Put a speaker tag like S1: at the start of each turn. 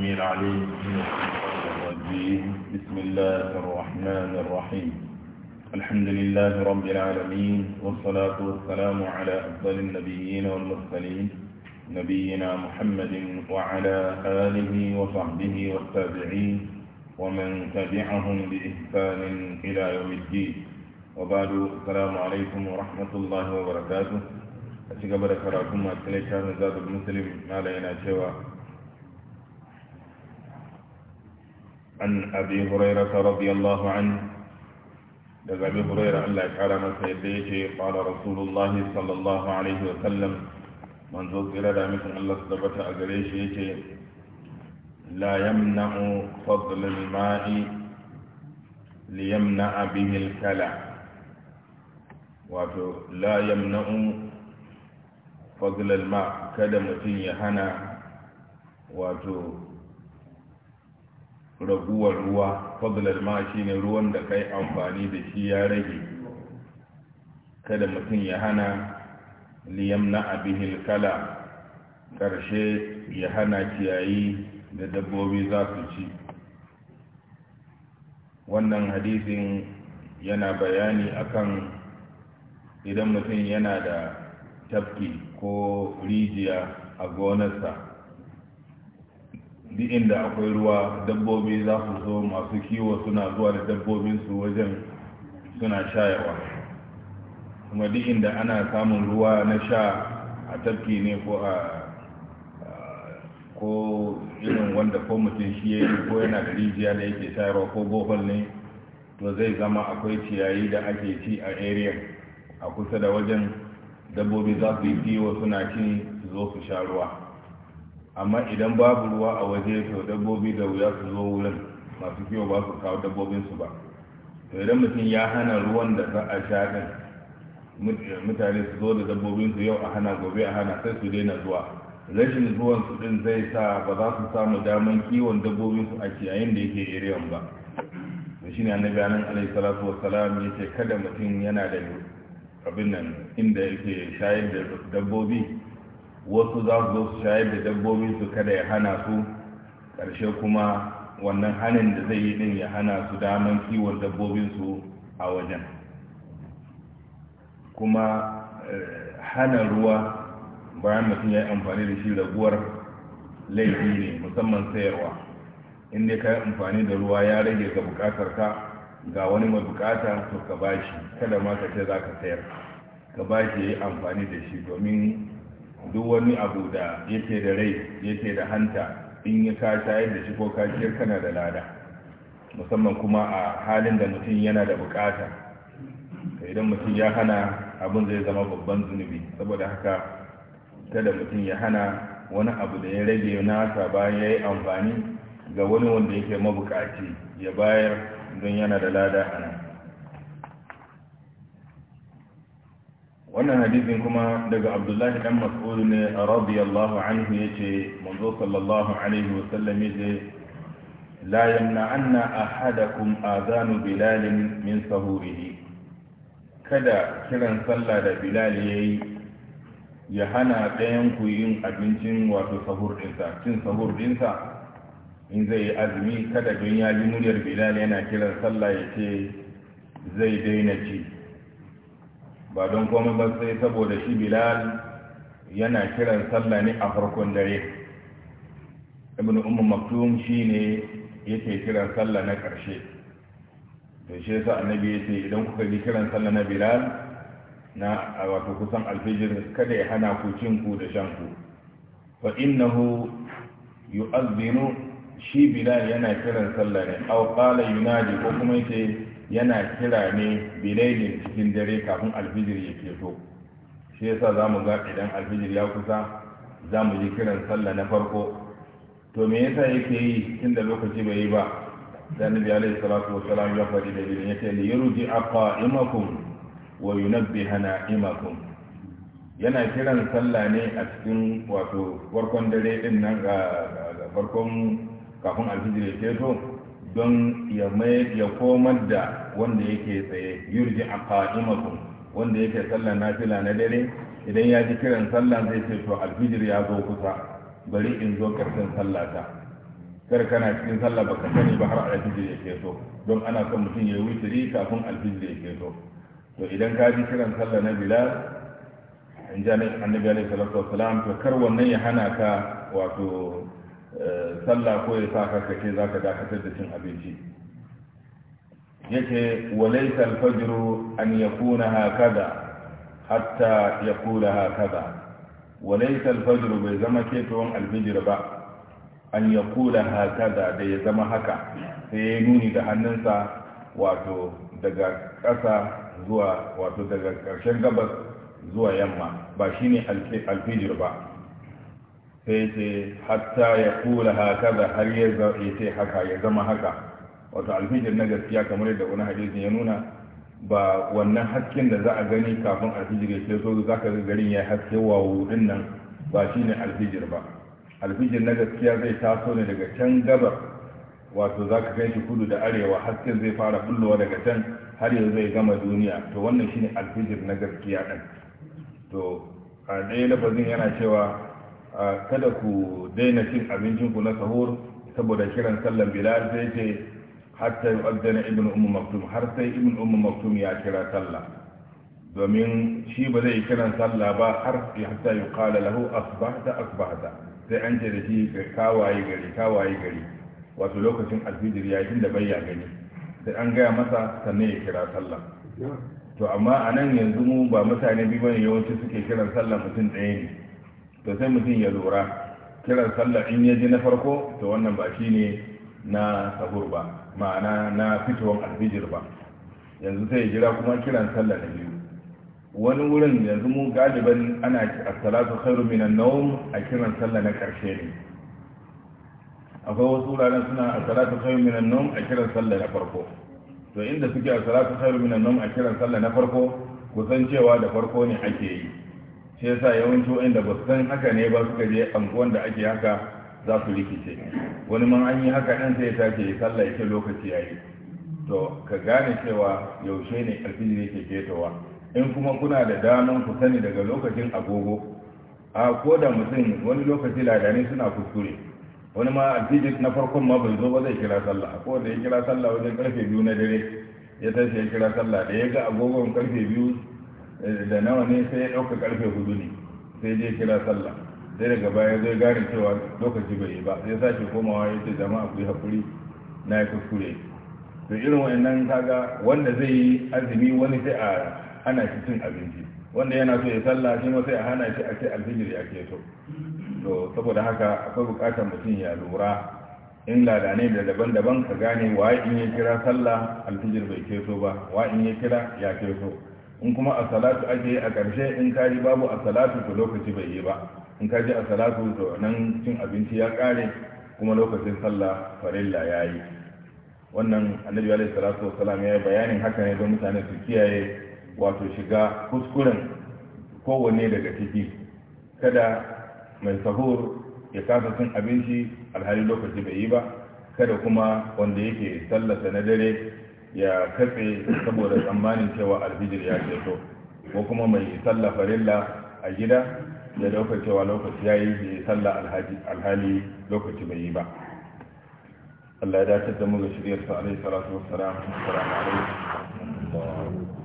S1: السميع العليم من الرجيم بسم الله الرحمن الرحيم الحمد لله رب العالمين والصلاة والسلام على أفضل النبيين والمرسلين نبينا محمد وعلى آله وصحبه والتابعين ومن تبعهم بإحسان إلى يوم الدين وبعد السلام عليكم ورحمة الله وبركاته أشكر بركاته ما تلك نزاد المسلم ما لنا شوى an abi hurairata radiyallahu anhu daga abi huraira Allah ya kara masa yadda yake fara rasulullahi sallallahu alaihi wa sallam da mutum Allah su tabbata a gare shi yake la yamna'u fadl al-ma'i li kada mutum ya hana raguwar ruwa fadlar ma shine ruwan da kai amfani da shi ya rage kada mutum ya hana liyamna abihil kala karshe ya hana ciyayi da dabbobi za su ci wannan hadisin yana bayani akan idan mutum yana da tafki ko rijiya a gonarsa duk inda akwai ruwa dabbobi za su zo masu kiwo suna zuwa da dabbobinsu wajen suna shayarwa kuma duk inda ana samun ruwa na sha a tafki ne ko a ko irin wanda ko mutum shi ya yi ko yana da rijiya da yake shayarwa ko bohol ne to zai zama akwai ciyayi da ake ci a area a kusa da wajen dabbobi za su yi kiwo suna cin su zo su sha ruwa amma idan babu ruwa a waje to dabbobi da wuya su zo wurin masu kiwo ba su kawo dabbobinsu ba to idan mutum ya hana ruwan da za a sha din mutane su zo da dabbobinsu yau a hana gobe a hana sai su daina zuwa rashin zuwan su din zai sa ba za su samu daman kiwon dabbobinsu a ciyayin da yake iriyan ba da shi ne annabi anan alaihi salatu wassalam ya kada mutum yana da abin nan inda yake shayar da dabbobi wasu za su zo su shayar da dabbobin su kada ya hana su ƙarshe kuma wannan hanin da zai yi din ya hana su daman kiwon dabbobin su a wajen kuma eh, hana ruwa bayan mutum ya yi amfani da shi raguwar laifi ne musamman sayarwa in dai ka yi amfani da ruwa ya rage ga bukatar ka ga wani mai bukata to ka bashi kada ma ka ce za ka sayar ka bashi ya yi amfani da shi domin duk wani abu da yake da rai yake da hanta in ya ka yadda shi ko kashiyar kana da lada musamman kuma a halin da mutum yana da bukata idan mutum ya hana abin zai zama babban zunubi saboda haka kada mutum ya hana wani abu da ya rage nasa bayan ya yi amfani ga wani wanda yake mabukaci ya bayar don yana da lada a nan wannan hadisin kuma daga abdullahi dan mas'ud ne radiyallahu anhu yace manzo sallallahu alaihi wa sallam yace la yamna'anna ahadakum adhanu bilal min sahurihi kada kiran sallah da bilal yayi ya hana ɗayan ku yin abincin wato sahur dinsa cin sahur ɗinsa in zai yi azumi kada don ya ji muryar bilal yana kiran sallah yace zai daina ci ba don komai ba sai saboda shi bilal yana kiran sallah ne a farkon dare ibn ummu maktum shine yake kiran sallah na karshe to shi yasa annabi yace idan kuka ji kiran sallah na bilal na wato kusan alfijir kada ya hana ku cin ku da shan ku fa innahu yu'adhdhinu shi bilal yana kiran sallah ne aw qala yunadi ko kuma yace yana kira ne bilailin cikin dare kafin alfijir ya keto shi yasa za mu ga idan alfijir ya kusa za mu ji kiran sallah na farko to me yasa yake yi tun da lokaci bai yi ba da annabi alaihi salatu wassalam ya faɗi da bilin yace li yurji imakum wa yunabbiha na'imakum yana kiran sallah ne a cikin wato farkon dare din nan ga farkon kafin alfijir ya keto don ya komar da wanda yake tsaye yurji a ka'imakun wanda yake na fila na dare idan ya ji kiran sallah zai ce to alfijir ya zo kusa bari in zo karshen sallata kar kana cikin sallah baka sani ba har alfijir ya ke so. don ana son mutum ya yi wuturi kafin alfijir ya ke so. to idan ka ji kiran sallah na bilal in ji annabi alaihi salatu wasalam to kar wannan ya hana ka wato sallah ko ya sa ke za ka dakatar da cin abinci yake walai alfajiru an ya kuna hakada hatta ya kula hakada Walai alfajiru bai zama ketowar albijira ba an ya kula hakada da ya zama haka sai ya nuni da hannunsa wato daga ƙasa zuwa wato daga ƙarshen gabas zuwa yamma ba shine alfijir ba sai ce hatta ya kula haka da har ya ce haka ya zama haka wato alfijir na gaskiya kamar yadda wani hadisin ya nuna ba wannan hasken da za a gani kafin alfijir ya ce so za ka ga garin ya haske wa din nan ba shi ne alfijir ba alfijir na gaskiya zai taso ne daga can gabar wato za ka gani kudu da arewa hasken zai fara bullowa daga can har yanzu zai gama duniya to wannan shine alfijir na gaskiya din to a ɗaya lafazin yana cewa kada ku daina cin abincin ku na sahur saboda kiran sallan bilal sai ce hatta yu'addana ibn ummu maktum har sai ibn ummu maktum ya kira sallah domin shi ba zai kiran sallah ba har hatta kala lahu asbahta asbahta sai an ce da shi kawaye gari kawaye gari wato lokacin alfijir ya yi bai ya gani sai an gaya masa sannan ya kira sallah to amma a nan yanzu mu ba mutane biyu bane yawanci suke kiran sallah mutum ɗaya ne to sai mutum ya lura kiran sallah in ya ji na farko to wannan ba shi ne na sahur ba ma'ana na fitowar alfijir ba yanzu sai ya jira kuma kiran sallah na biyu wani wurin yanzu mu galiban ana as-salatu khairu minan nawm a kiran sallah na karshe ne akwai wasu wuraren suna as-salatu khairu minan nawm a kiran sallah na farko to inda suke as-salatu khairu minan nawm a kiran sallah na farko kusan cewa da farko ne ake yi shi yasa yawanci wanda ba su san haka ne ba suka je anguwan da ake haka za su rikice wani man an yi haka ɗan sai ya ke ya sallah ya ce lokaci ya yi to ka gane cewa yaushe ne ne ke ketowa in kuma kuna da daman ku sani daga lokacin agogo a ko da mutum wani lokaci ladani suna kuskure wani ma alfijir na farkon ma bai zo ba zai kira sallah ko da ya kira sallah wajen karfe biyu na dare ya tashi ya kira sallah da ya ga agogon karfe biyu Eh, da nawa ne sai ya ɗauka ƙarfe hudu ne sai dai kira sallah sai daga baya zai gane cewa lokaci bai yi ba sai sake komawa ya ce jama'a ku yi hakuri na yi kuskure to irin wa'annan kaga wanda zai yi azumi wani sai a hana shi cin abinci wanda yana so ya sallah shi ma sai a hana shi a ce alfijir ya ke so to saboda haka akwai buƙatar mutum ya lura in ladane da daban-daban ka gane wa in ya kira sallah alfijir bai ke so ba wa in ya kira ya ke so in kuma a salatu ake a ƙarshe in ka ji babu a salatu to lokaci bai yi ba in ka ji a salatu to nan cin abinci ya ƙare kuma lokacin sallah farilla ya yi wannan annabi alaihi salatu wa salam ya yi bayanin haka ne don mutane su kiyaye wato shiga kuskuren kowanne daga ciki kada mai sahur ya kasa cin abinci alhali lokaci bai yi ba kada kuma wanda yake sallata na dare ya katse saboda tsammanin cewa alfijir ya ceto ko kuma mai sallah farilla a gida ya dauka cewa lokaci ya yi ya sallah alhali lokaci bai yi ba Allah ya dace da mu ga shirya sa alaihi salatu wassalam assalamu alaikum